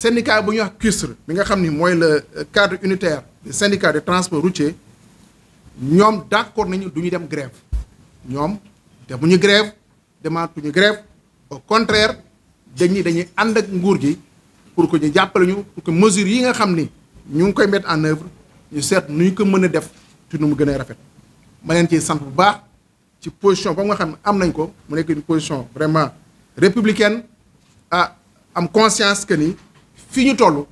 syndicat de le euh, cadre unitaire des syndicat de transport routier d'accord nañu duñu dem grève grève grève au contraire dañuy pour que ñu jappal pour que mesures yi mettre en œuvre ñu nu ñu ko nous def ci position une position vraiment républicaine à, ah, conscience que fii ñu toll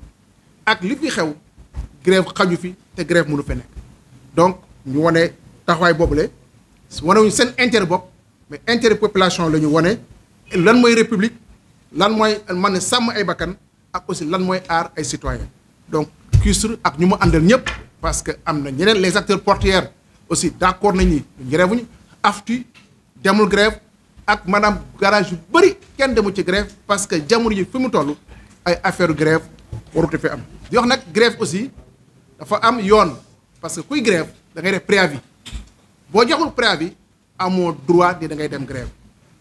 ak li fi xew grève xaju fi te grève mënu fe nekk donc ñu wane taxawaay boobule wanewuñu seen intérêt bopp mais intérêt population la ñu wane lan mooy république lan mooy man ne sàmm ay bakkan ak aussi lan mooy aar ay citoyen donc CUSR ak ñu mu àndal ñëpp parce que am na ñeneen les acteurs portuaires aussi d' accord nañ ni grève ñu aftu demul grève ak maanaam garage yu bëri kenn demu ci grève parce que jamono yi fi mu toll ay affaire grève pour faire. faire. di wax grève aussi am yoon parce que kuy grève da ngay def préavis boo joxul préavis droit de da grève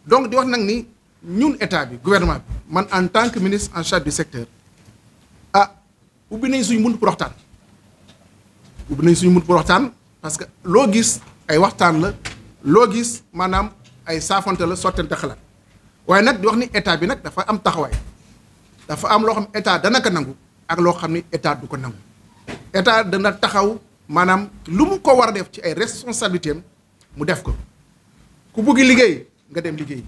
donc il wax a ni état gouvernement man en tant que ministre en charge du secteur ah ubbi suñu pour pour parce que logis gis ay l'ogis, la loo gis maanaam ay saafante la que état am dafa am loo xam état dana ko nangu ak loo xam ni état du ko nangu état dana taxaw maanaam lu mu ko war a def ci ay responsabilité am mu def ko ku bugg liggéey nga dem liggéey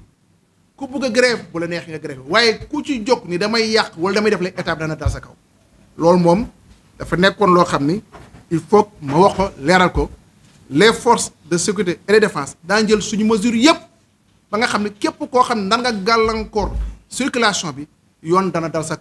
ku bugg a grève bu la neex nga grève waaye ku ci jóg ni damay yàq wala damay def la état dana dal sa kaw loolu moom dafa nekkoon loo xam ni il faut ma wax ko leeral ko les forces de sécurité et de défense daa jël suñu mesure yëpp ba nga xam ne képp koo xam ne nan nga gàllankoor circulation bi You dana dal sa